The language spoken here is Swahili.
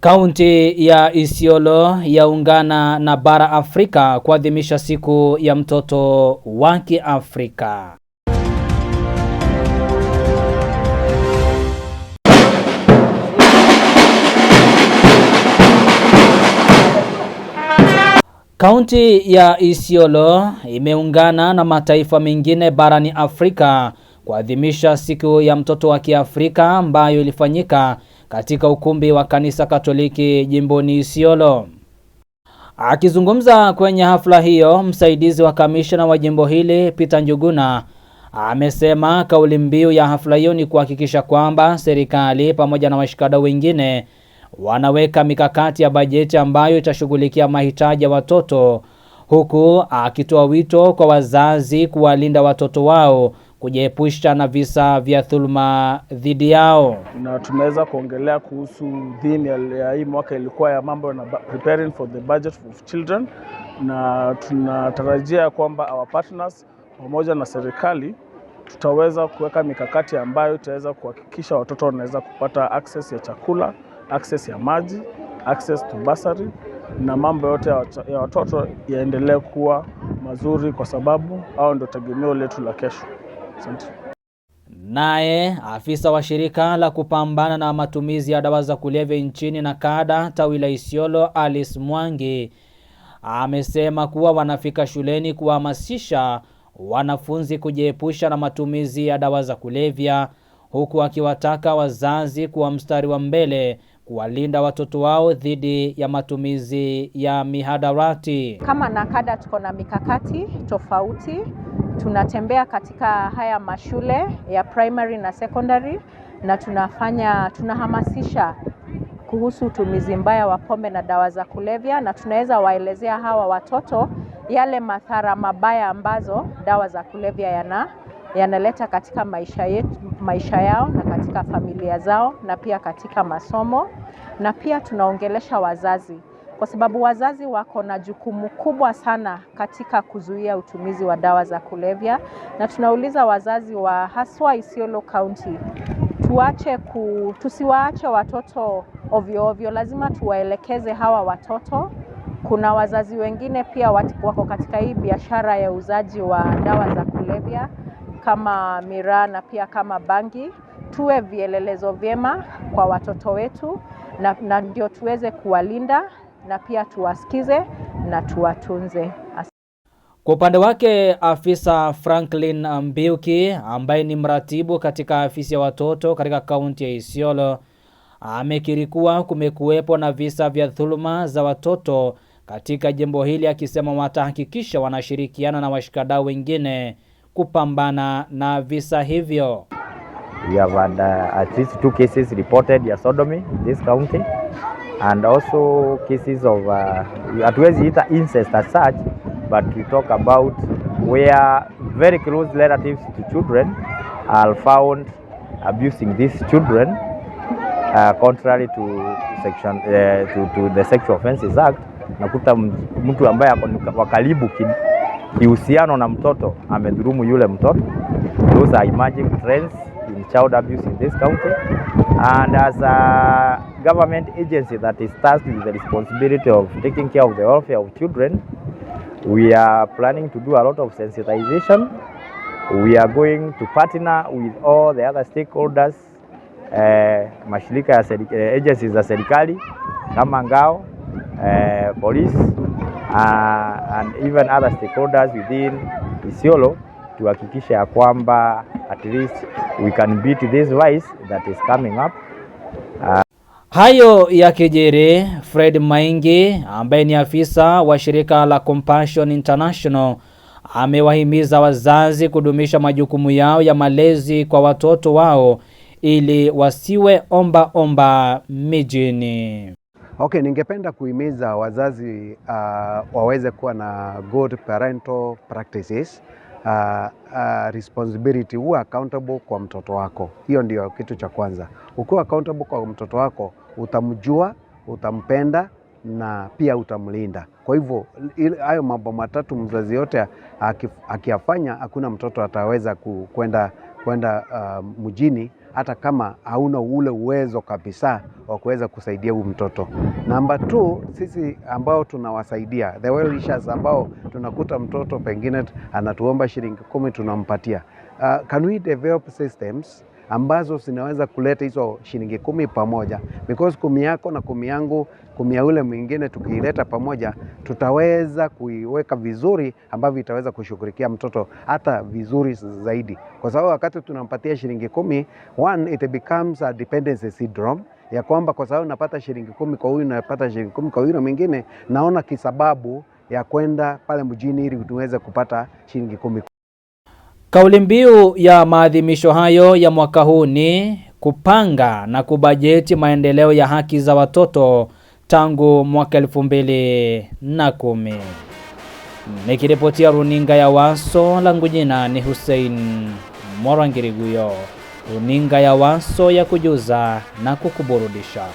Kaunti ya Isiolo yaungana na bara Afrika kuadhimisha siku ya mtoto wa Kiafrika. Kaunti ya Isiolo imeungana na mataifa mengine barani Afrika kuadhimisha siku ya mtoto wa Kiafrika ambayo ilifanyika katika ukumbi wa kanisa Katoliki jimboni Isiolo. Akizungumza kwenye hafla hiyo, msaidizi wa kamishna wa jimbo hili Peter Njuguna amesema kauli mbiu ya hafla hiyo ni kuhakikisha kwamba serikali pamoja na washikadau wengine wanaweka mikakati ya bajeti ambayo itashughulikia mahitaji ya watoto, huku akitoa wito kwa wazazi kuwalinda watoto wao kujiepusha na visa vya dhuluma dhidi yao. Na tumeweza kuongelea kuhusu dhini ya hii mwaka ilikuwa ya mambo na preparing for the budget of children, na tunatarajia kwamba our partners pamoja na serikali tutaweza kuweka mikakati ambayo itaweza kuhakikisha watoto wanaweza kupata access ya chakula, access ya maji, access to bursary na mambo yote ya watoto yaendelee kuwa mazuri, kwa sababu hao ndio tegemeo letu la kesho. Asante. Naye afisa wa shirika la kupambana na matumizi ya dawa za kulevya nchini na tawi la Isiolo, Alice Mwangi amesema kuwa wanafika shuleni kuwahamasisha wanafunzi kujiepusha na matumizi ya dawa za kulevya, huku akiwataka wazazi kuwa mstari wa mbele kuwalinda watoto wao dhidi ya matumizi ya mihadarati. Kama kada tuko na mikakati tofauti Tunatembea katika haya mashule ya primary na secondary na tunafanya tunahamasisha kuhusu utumizi mbaya wa pombe na dawa za kulevya, na tunaweza waelezea hawa watoto yale madhara mabaya ambazo dawa za kulevya yana yanaleta katika maisha yetu, maisha yao na katika familia zao na pia katika masomo, na pia tunaongelesha wazazi kwa sababu wazazi wako na jukumu kubwa sana katika kuzuia utumizi wa dawa za kulevya, na tunauliza wazazi wa haswa Isiolo County tuache ku, tusiwaache watoto ovyo ovyo, lazima tuwaelekeze hawa watoto. Kuna wazazi wengine pia wako katika hii biashara ya uuzaji wa dawa za kulevya kama miraa na pia kama bangi. Tuwe vielelezo vyema kwa watoto wetu na, na ndio tuweze kuwalinda na pia tuwasikize na tuwatunze. Kwa upande wake afisa Franklin Mbiuki ambaye ni mratibu katika afisi ya watoto katika kaunti ya Isiolo amekiri kuwa kumekuwepo na visa vya dhuluma za watoto katika jimbo hili, akisema watahakikisha wanashirikiana na washikadau wengine kupambana na visa hivyo. We have had, uh, at least two cases reported ya sodomy in this county and also cases of uh, hatuwezi ita incest as such but we talk about where very close relatives to children are found abusing these children uh, contrary to section uh, to, to the Sexual Offences Act. Nakuta mtu ambaye wa karibu kihusiano na mtoto amedhurumu yule mtoto. Those are emerging trends in child abuse in this country and as a government agency that is tasked with the responsibility of taking care of the welfare of children we are planning to do a lot of sensitization we are going to partner with all the other stakeholders eh, mashirika ya eh, agencies za serikali kama ngao eh, police uh, and even other stakeholders within Isiolo tuhakikisha ya kwamba at least we can beat this vice that is coming up. Uh, hayo ya kijiri, Fred Maingi ambaye ni afisa wa shirika la Compassion International amewahimiza wazazi kudumisha majukumu yao ya malezi kwa watoto wao ili wasiwe omba omba mijini. Okay, ningependa kuhimiza wazazi uh, waweze kuwa na good parental practices uh, uh, responsibility, huwa accountable kwa mtoto wako. Hiyo ndio kitu cha kwanza. Ukiwa accountable kwa mtoto wako, utamjua, utampenda na pia utamlinda. Kwa hivyo hayo mambo matatu mzazi yote akiyafanya, hakuna mtoto ataweza kwenda kwenda uh, mjini hata kama hauna ule uwezo kabisa wa kuweza kusaidia huyu mtoto. Namba two, sisi ambao tunawasaidia the well-wishers ambao tunakuta mtoto pengine anatuomba shilingi kumi tunampatia. Uh, can we develop systems ambazo zinaweza kuleta hizo shilingi kumi pamoja, because kumi yako na kumi yangu, kumi ya ule mwingine, tukiileta pamoja tutaweza kuiweka vizuri, ambavyo itaweza kushughulikia mtoto hata vizuri zaidi, kwa sababu wakati tunampatia shilingi kumi, one it becomes a dependency syndrome ya kwamba kwa sababu napata shilingi kumi kwa huyu, napata shilingi kumi kwa huyu mwingine, naona kisababu ya kwenda pale mjini ili niweze kupata shilingi kumi. Kauli mbiu ya maadhimisho hayo ya mwaka huu ni kupanga na kubajeti maendeleo ya haki za watoto tangu mwaka elfu mbili na kumi. Nikiripotia runinga ya Waso, langu jina ni Hussein Morangiriguyo, runinga ya Waso ya kujuza na kukuburudisha.